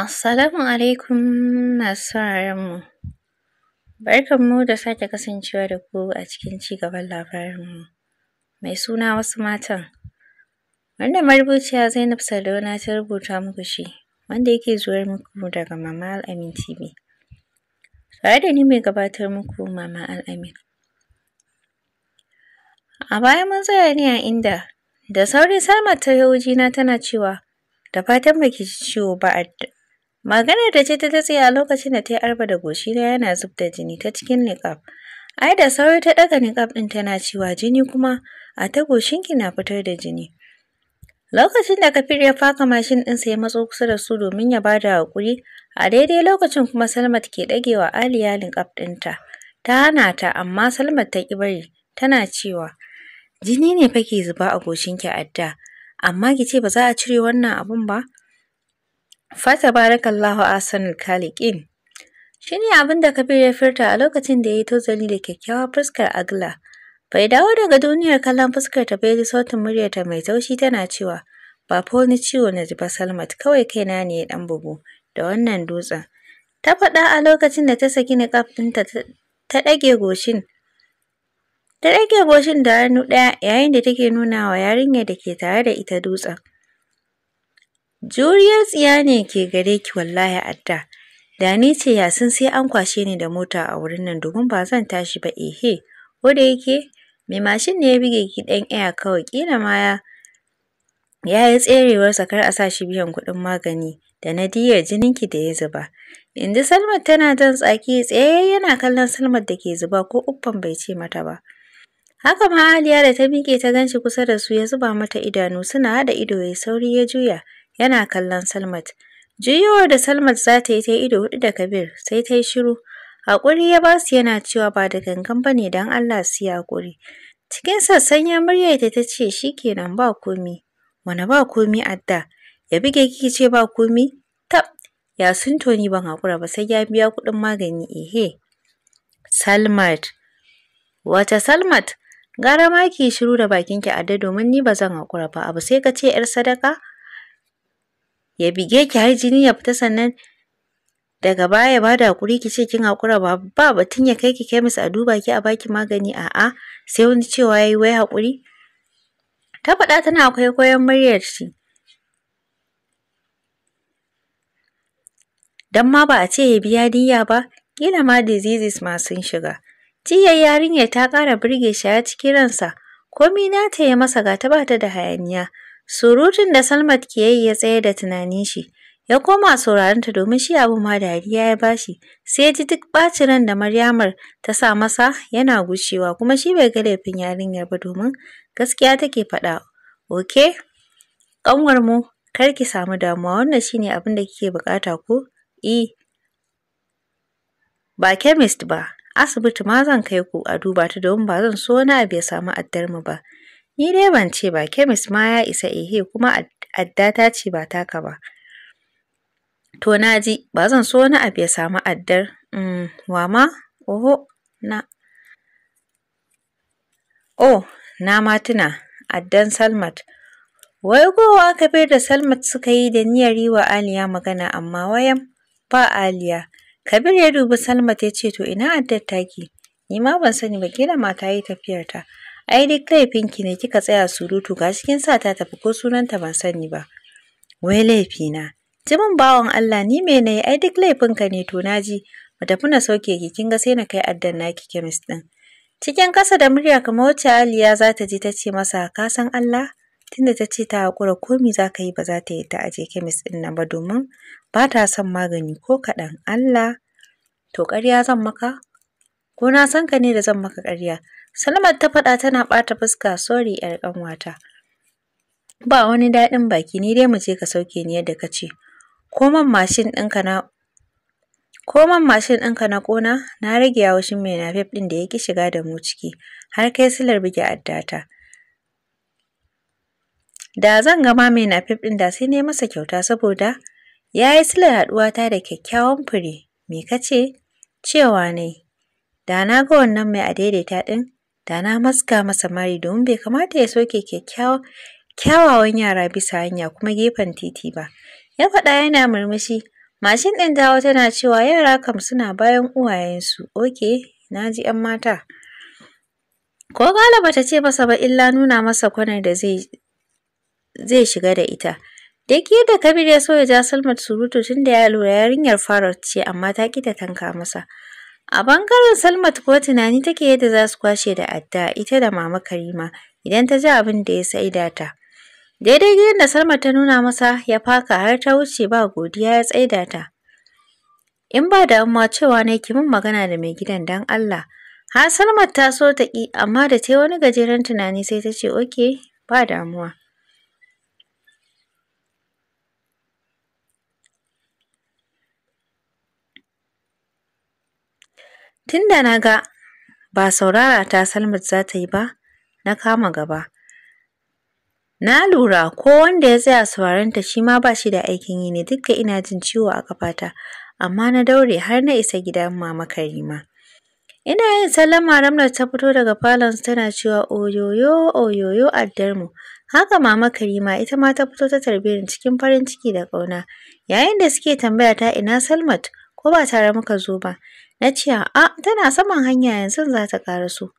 Assalamu alaikum masu sauraron mu. Barkan mu da sake kasancewa da ku a cikin cigaban labarin mu mai suna wasu matan. Wannan marubuciya Zainab Sardauna ta rubuta muku shi wanda yake zuwar muku daga Mama Al'amin TV. Tare da ni mai gabatar muku Mama Al'amin. A baya mun tsaya ne a inda da sauri samar ta yau jina tana cewa da fatan baki ji ciwo ba adda maganar da ce ta datse a lokacin da ta yi arba da goshi na yana zub da jini ta cikin niƙaf ai da sauri ta ɗaga niƙaf ɗin tana cewa jini kuma a ta goshinki na fitar da jini Lokacin da Kafir ya faka mashin ɗinsa ya matso kusa da su domin ya bada haƙuri, a daidai lokacin kuma Salmat ke ɗagewa Aliya niƙaf ɗinta. Ta hana ta amma Salmat ta ƙi bari, tana cewa, Jini ne fa ke zuba a goshinki da. amma ki ce ba za a cire wannan abun ba fata barakallahu kalikin. Shi shine abin da kabir ya furta a lokacin da ya yi tozali da kyakkyawa, fuskar agla bai dawo daga duniyar kallon fuskar ta bai ji sautin muryarta mai taushi tana cewa ba fa ciwo na ji ba salmat kawai kaina ne ya dan bugu da wannan dutsen ta faɗa a lokacin da ta saki niƙaf ta ɗage goshin Ta ɗage goshin da hannu ɗaya yayin da take nuna wa yarinyar da ke tare da ita dutsen. Juriyar tsiya ne ke gare ki wallahi adda. Da ni ce sun sai an kwashe ni da mota a wurin nan domin ba zan tashi ba ehe. Ko da yake mai mashin ne ya buge ki ɗan iya kawai kila ma ya ya yi tserewar kar a sa shi biyan kuɗin magani da na diyar ki da ya zuba. Yanzu Salmat tana jan tsaki tsaye yana kallon Salmat da ke zuba ko uffan bai ce mata ba. Haka ma Aliya da ta miƙe ta ganshi kusa da su ya zuba mata idanu suna haɗa ido ya sauri ya juya yana kallon Salmat. Juyowar da Salmat za ta yi ta ido hudu da Kabir sai ta yi shiru. Haƙuri ya basu yana cewa ba da gangan ba ne don Allah su yi haƙuri. Cikin sassan ya ita ta ce shi kenan ba komi. Wane ba komi adda? Ya buge kiki ce ba komi? Tab! Ya sun toni ban haƙura ba sai ya biya kuɗin magani ehe. Salmat. Wata Salmat? Gara ma ki shiru da bakinki adda domin ni bazan hakura ba abu sai ka ce ‘yar sadaka ya bige ki har jini ya fita sannan daga baya ba da hakuri ki ce kin hakura ba ba batun ya kai ki kemis a duba ki a baki magani a sai wani cewa yayi wai hakuri ta faɗa tana kwaikwayon muryar shi dan ma ba a ce ya biya diyya ba kila ma diseases ma sun shiga Jiya yarinyar ta ƙara birge shi a cikin ransa, komi ta ya masa gata ba ta da hayaniya. Surutun da Salmat ke yi ya tsaye da tunanin shi, ya koma sauraron ta domin shi abu ma dariya ya bashi, sai ya ji duk ɓacin ran da Maryamar ta sa masa yana gushewa kuma shi bai ga laifin yarinyar ba domin gaskiya take faɗa. Oke, ƙanwar mu kar ki samu damuwa wannan shine abin da kike buƙata ko? E. Ba chemist ba. asibiti ma zan kai ku a duba ta don ba zan so na bai samu addar mu ba ni dai ban ce ba kemis ma ya isa ehe kuma adda ta ce ba taka ba to na ji ba zan so na bai samu addar mm, wa ma oho na oh na ma tuna addan salmat wai kowa kabir da salmat suka yi da niyar yi wa aliya magana amma wayan ba aliya Kabir ya dubi Salma ta ce to ina addar taki? Ni ma ban sani ba kila mata yi tafiyar ta. Ai duk ki ne kika tsaya surutu ga cikin sa ta tafi ko sunanta ban sani ba. Wai laifi na? Ji Jimin bawan Allah ni me nayi ai duk ka ne to naji. Mu tafi na sauke ki kin ga sai na kai addan naki kemis din. Cikin kasa da murya kamar wacce Aliya za ta ji ta ce masa ka san Allah? tunda ta ce ta haƙura komi za ka yi ba za ta yi ta aje kemis ɗin nan ba domin ba ta son magani ko kaɗan Allah to ƙarya zan maka ko na san ka ne da zan maka ƙarya Salmat ta faɗa tana ɓata fuska sorry ƴar ƙanwata ba wani daɗin baki ni dai mu je ka sauke ni yadda ka ce Ko mashin ɗinka na mashin ɗinka na ƙona na rage yawashin mai nafef ɗin da ya ƙi shiga da mu ciki har kai silar buge addata Da zan gama mai nafif ɗin da sai ne masa kyauta saboda ya yi silar haɗuwata da kyakkyawan fure. Me ka ce? Cewa ne, da na ga wannan mai adaidaita ɗin, da na maska masa mari domin bai kamata ya soke kyawawan yara bisa hanya kuma gefen titi ba. Ya faɗa yana murmushi, mashin ɗin dawo tana cewa yara kam suna bayan uwayensu. Oke, na ji ‘yan mata. Ko Gala bata ta ce masa ba illa nuna masa kwanar da zai zai shiga da ita. Da ke da Kabir ya so ya ja Salmat surutu tun da ya lura yarinyar Farot ce amma ta ki da tanka masa. A bangaren Salmat ko tunani take yadda za su kwashe da adda ita da mama Karima idan ta ji abin da ya da ta. Daidai gidan da Salmat ta nuna masa ya faka har ta wuce ba godiya ya tsaida ta. In ba da amma cewa na ki min magana da mai gidan dan Allah. Har Salmat ta so ta ƙi amma da ta yi wani gajeren tunani sai ta ce oke ba damuwa. Tunda na ga ba saurara ta Salmat za ta yi ba, na kama gaba. Na lura ko wanda ya tsaya sauraron ta shi ma ba shi da aikin yi ne duk ina jin ciwo a kafata, amma na daure har na isa gidan Mama Karima. Ina yin sallama Ramla ta fito daga falon tana cewa oyoyo oyoyo addarmu. Haka Mama Karima ita ma ta fito ta tarbiyar cikin farin ciki da ƙauna. Yayin da suke tambaya ta ina Salmat ko ba tare muka zo ba, Na ce, a tana saman hanya yanzu za ta su.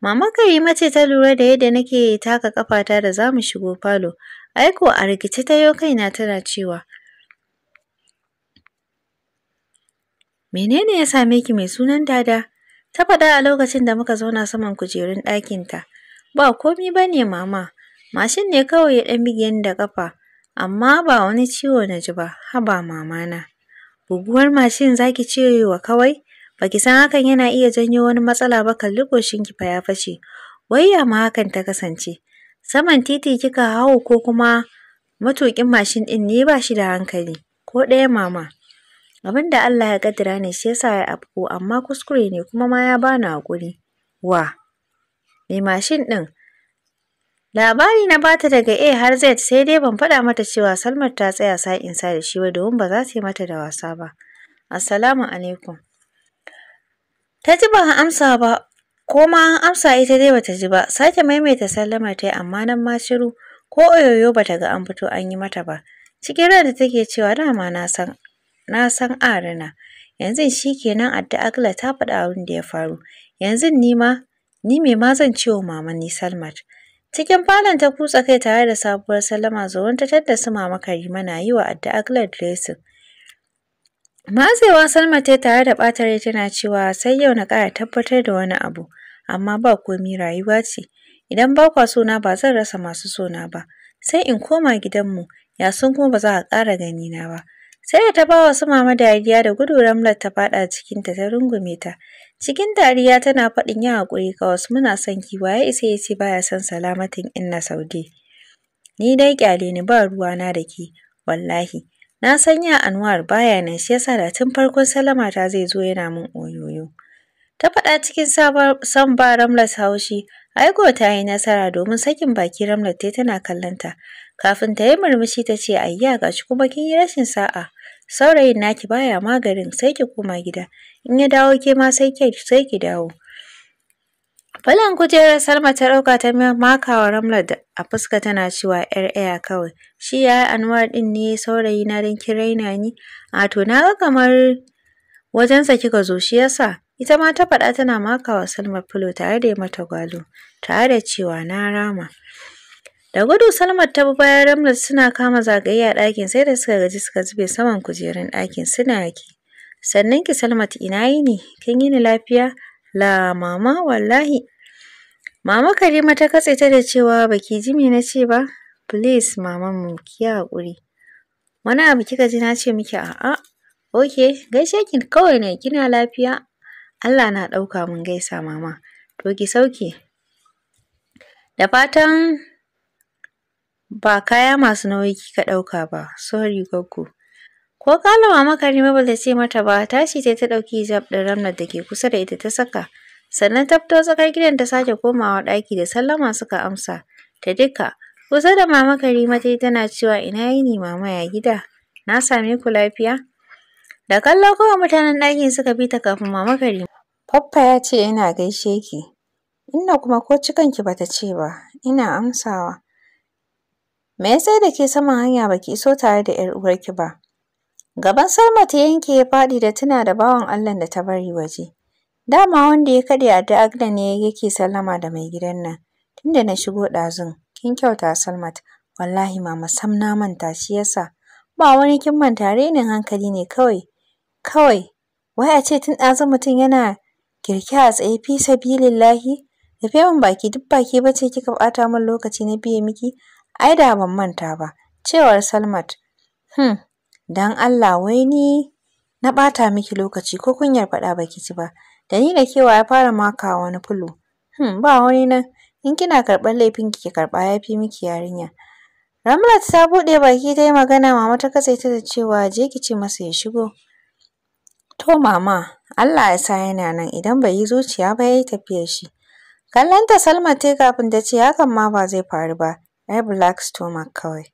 Mama kai mace ta lura da yadda nake taka ƙafata da zamu shigo falo. Aiko a rikice ta yo kaina tana cewa, Menene ya same ki mai sunan dada? Ta faɗa a lokacin da muka zauna saman kujerun ɗakinta. Ba komi ba ne mama, mashin ne kawai ya ɗan bige ni da ƙafa, amma ba wani ciwo na ji ba, haba mamana. Buguwar mashin za ki ce wa kawai? ba san hakan yana iya janyo wani matsala ba kalli koshin fa ya fashe wai ya ma hakan ta kasance saman titi kika hau ko kuma matuƙin mashin ɗin ne ba shi da hankali ko ɗaya mama abin da Allah ya kaddara ne shi yasa ya afko amma kuskure ne kuma ma ya bani hakuri wa mai mashin ɗin Labari na bata daga A har Z sai dai ban faɗa mata cewa Salmat ta tsaya sa da shi ba domin ba za su yi mata da wasa ba. Assalamu alaikum. Ta ji ba amsa ba, ko ma an amsa ita dai bata ji ba, sake maimaita sallamar ta amma nan ma shiru, ko oyoyo bata ga an fito an yi mata ba. Cikin ran da take cewa dama na san, na san arina, yanzu shi kenan adda Agla ta faɗa abin da ya faru, yanzu ni ma, ni me ma zan ce mama ni Salmat. Cikin falon ta kutsa kai tare da sabuwar sallama zuwan ta tadda mama Karima na yi wa adda Agla dressing. Matsewa Salma ta tare da ɓata rai tana cewa sai yau na ƙara tabbatar da wani abu, amma ba komi rayuwa ce. Idan ba kwa sona ba zan rasa masu sona ba, sai in koma gidanmu, ya sun kuma ba za a ƙara ganina ba. Sai da ta ba wa su mama dariya da gudu Ramlat ta faɗa cikinta ta rungume ta. Cikin dariya tana faɗin yin haƙuri ga wasu muna son kiwa ya isa ya ce baya son salamatin inna saude. Ni dai ƙyale ni ba ruwana da ke, wallahi. Na san ya Anwar baya nan shi yasa da tun farkon salama ta zai zo yana min oyoyo. Ta faɗa cikin son ba Ramlat haushi, Aigo ta yi nasara domin sakin baki ta tai tana kallonta. Kafin ta yi murmushi ta ce ayya gashi kuma kin yi rashin sa'a. Saurayin naki baya maganin sai ki koma gida. In ya dawo ke ma sai ki dawo. Falon kujerar Salma ta ɗauka ta makawa Ramla da a fuska tana cewa ‘yar aya kawai. Shi ya yi Anwar ɗin ne saurayi na don kirai raina ni? A to na ga kamar wajensa kika zo shi yasa. Ita ma ta faɗa tana makawa Salma filo tare da mata gwalo, tare da cewa na rama. Da gudu Salma ta bi bayan Ramla suna kama zagaye a ɗakin sai da suka gaji suka zube saman kujerun ɗakin suna yaƙi, Sannan ki Salma ina yini? Kin yini lafiya? La mama wallahi Mama Karima ta katse ta da cewa baki ji me na ba? Please mamanmu. mu ki haƙuri. Wani abu kika ji nace miki miki a'a. Okay, gaishe ki kawai ne kina lafiya? Allah na ɗauka mun gaisa mama. To ki sauke. Da fatan ba kaya masu nauyi kika ɗauka ba. Sorry goggo. Ko kana mama Karima ba ta ce mata ba, tashi sai ta ɗauki hijab da ramnar da ke kusa da ita ta saka. sannan tafto tsakar gidan ta sake komawa ɗaki da sallama suka amsa ta duka kusa da mama karima ta tana cewa ina yi ni mama ya gida na same ku lafiya da kallo kowa mutanen ɗakin suka bi ta kafin mama karima Pappa ya ce yana gaishe ki inna kuma ko cikanki bata ce ba ina amsawa me yasa da ke saman hanya baki iso tare da yar uwarki ba gaban Salma ta yanke ya faɗi da tuna da bawan Allah da ta bari waje Dama wanda ya karya a Da'agla ne yake sallama da mai gidan nan. Tunda na shigo ɗazun, kin kyauta Salmat. Wallahi mama sam na manta shi yasa. Ba wani kin manta renin hankali ne kawai. Kawai, wai a ce tun ɗazun mutum yana kirki a tsaye fi sabilillahi. Rufe min baki duk baki ba ce kika ɓata min lokaci na biye miki. Ai da ban manta ba. Cewar Salmat. Hmm, dan Allah wai ni na ɓata miki lokaci ko kunyar faɗa baki ci ba. da ni da kewa ya fara makawa wani fulo hmm ba wani nan in kina karɓar laifin ki karɓa ya fi miki yarinya Ramlat ta buɗe baki ta yi magana mama ta kasa ta da cewa je ki ce masa ya shigo to mama Allah ya sa yana nan idan bai yi zuciya ba ya yi tafiyar shi kallonta Salma ta kafin ta ce hakan ma ba zai faru ba ai black stomach kawai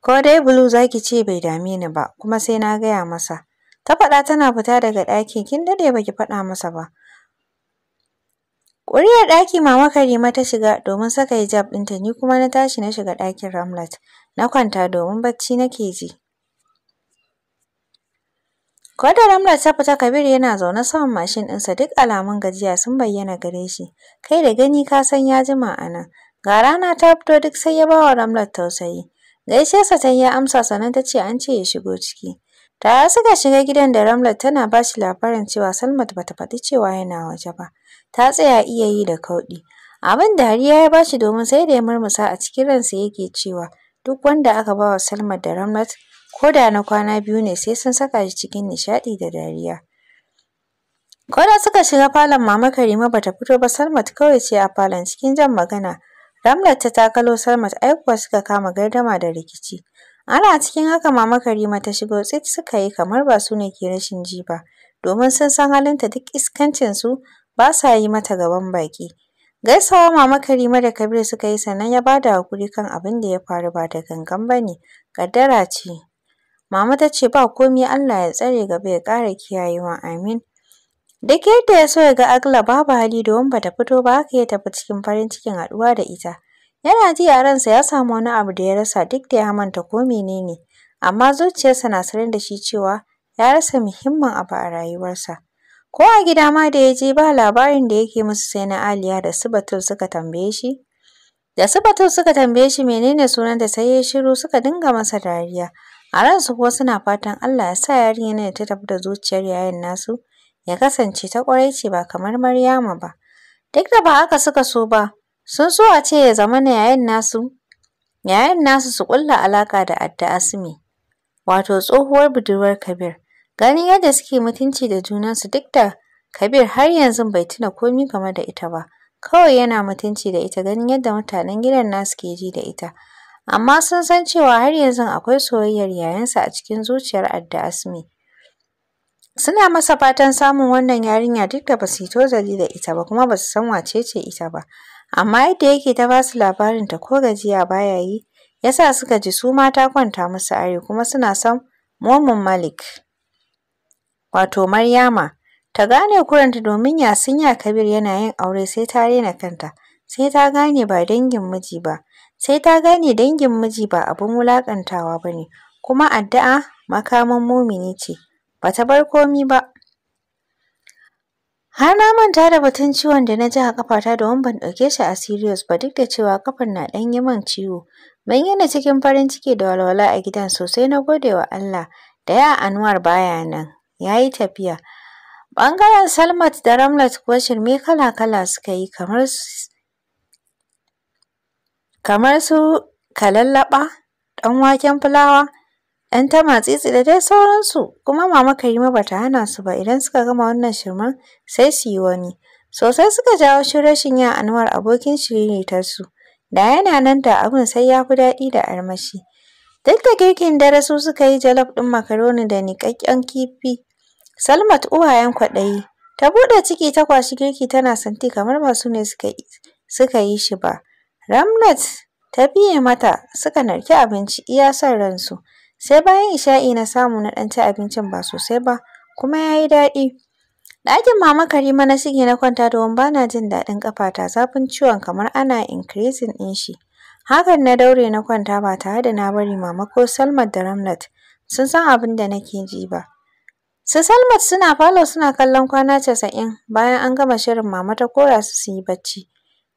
ko dai blue za ki ce bai dame ni ba kuma sai na gaya masa Ta faɗa tana fita daga ɗaki, kin daɗe baki faɗa masa ba. Ƙuri'ar ɗaki mama Karima ta shiga domin saka hijab ɗinta ni kuma na tashi na shiga ɗakin Ramlat. Na kwanta domin bacci nake ji. Ko da Ramlat ta fita kabir yana zaune saman mashin ɗinsa duk alamun gajiya sun bayyana gare shi. Kai da gani ka san ya jima a nan. Ga rana ta fito duk sai ya ba wa Ramlat tausayi. Gaishe sa ta yi ya amsa sannan ta ce an ce ya shigo ciki. Tare suka shiga gidan da Ramlat tana ba shi labarin cewa Salmat bata ta faɗi cewa yana waje ba. Ta tsaya iya yi da kauɗi. Abin da hariya ya ba shi domin sai da ya murmusa a cikin ransa yake cewa duk wanda aka ba wa Salmat da Ramlat ko da na kwana biyu ne sai sun saka shi cikin nishaɗi da dariya. Ko da suka shiga falon Mama Karima bata fito ba Salmat kawai ce a falon cikin jan magana. Ramlat ta takalo Salmat aikuwa suka kama gardama da rikici. Ana cikin haka Mama Karima ta shigo tsit suka yi kamar ba su ne ke rashin ji ba, domin sun san halinta duk iskancinsu ba sa yi mata gaban baki. Gaisawa Mama Karima da Kabir suka yi sannan ya bada da hakuri kan abin da ya faru ba da gangan ba ne, kaddara ce. Mama ta ce ba komai Allah ya tsare gaba ya ƙara kiyayewa amin. Duk yadda ya so ya ga Agla babu hali domin ba ta fito ba haka ya tafi cikin farin cikin haɗuwa da ita. Yana ji a ransa ya samu wani abu da ya rasa duk da ya manta ko menene, amma zuciyarsa na sanar da shi cewa ya rasa muhimmin abu a rayuwarsa. Ko a gida ma da ya je ba labarin da yake musu sai na Aliya da su Batul suka tambaye shi. Da su Batul suka tambaye shi menene sunanta sai ya shiru suka dinga masa dariya. A ransu kuwa suna fatan Allah ya sa yarinyar da ta tafi da zuciyar yayan nasu ya kasance ta ƙwarai ce ba kamar Maryama ba. Duk da ba haka suka so ba, sun so a ce ya zamana yayan nasu yayin nasu su ƙulla alaka da Adda Asmi wato tsohuwar budurwar Kabir ganin yadda suke mutunci da junansu duk da Kabir har yanzu bai tuna komi game da ita ba kawai yana mutunci da ita ganin yadda mutanen gidan nasu ke ji da ita amma sun san cewa har yanzu akwai soyayyar yayansa a cikin zuciyar Adda Asmi suna masa fatan samun wannan yarinya duk da ba su yi tozali da ita ba kuma ba su san wacece ita ba amma yadda yake ta basu labarin ta ko gajiya baya yi ya sa suka ji su ma ta kwanta musu are kuma suna son momin Malik wato Maryama ta gane kuranta domin Yasin ya Kabir yana yin aure sai ta rena kanta sai ta gane ba dangin miji ba sai ta gane dangin miji ba abin wulakantawa ne, kuma addu'a makaman mumini ce bata bar komi ba Har na manta da batun ciwon da na ji a ƙafata domin ban ɗauke shi a Sirius ba duk da cewa kafar na ɗan yi min ciwo. Ban yi na cikin farin ciki da walwala a gidan sosai na gode wa Allah da ya Anwar baya nan, ya yi tafiya. Bangaren Salmat da Ramlat kuwa shirme kala-kala suka yi kamar kamar su kalallaɓa, ɗan waken fulawa, 'yan tamatsitsi da dai sauransu kuma mama Karima ba ta hana su ba idan suka gama wannan shirman sai su yi wani. Sosai suka jawo shi rashin yin Anwar abokin su da yana nan da abin sai ya fi daɗi da armashi. Duk da girkin dare su suka yi jalof ɗin makaroni da niƙaƙƙen kifi. Salmat uwayen kwaɗayi ta buɗe ciki ta kwashi girki tana santi kamar ba su ne suka yi shi ba. Ramnat ta biye mata suka narki abinci iya son ransu. Sai bayan isha'i na samu na ɗanci abincin ba sosai ba, kuma ya yi daɗi. Ɗakin mama Karima na shige na kwanta domin ba na jin daɗin ƙafata, zafin ciwon kamar ana increasing ɗin shi. Hakan na daure na kwanta ba tare da na bari mama ko Salmat da Ramnat sun san abin da nake ji ba. Su Salmat suna falo suna kallon kwana casa'in bayan an gama shirin mama ta kora su su yi bacci.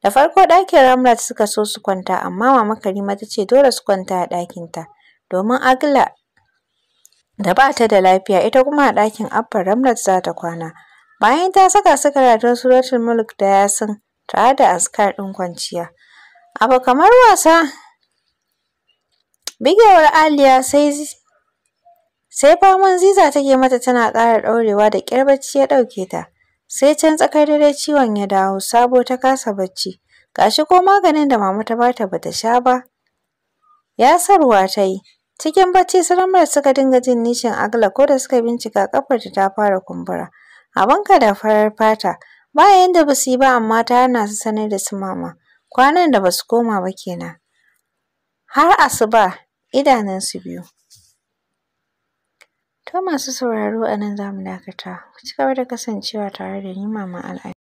Da farko ɗakin Ramnat suka so su kwanta amma mama Karima ta ce dole su kwanta a ɗakinta. domin Agla da ba ta da lafiya ita kuma a ɗakin Abba Ramlat za ta kwana. Bayan ta saka su karatun suratul mulk da yasin tare da askar ɗin kwanciya. Abu kamar wasa bigewar Aliya sai sai faman ziza take mata tana ƙara ɗaurewa da ƙyar bacci ya ɗauke ta. Sai can tsakar dare ciwon ya dawo sabo ta kasa bacci. Gashi ko maganin da mama ta bata bata sha ba. Ya sarwa ta yi. Cikin bacci Suramar suka dinga jin nishin Agla ko da suka bincika ƙafarta ta fara kumbura. A banka da farar fata, ba yanda ba su yi ba amma ta hana su sanar da su mama. Kwanan da ba su koma ba kenan. Har asuba su biyu. To masu sauraro a nan za mu dakata. Ku ci gaba da kasancewa tare da ni Maman Al'ai.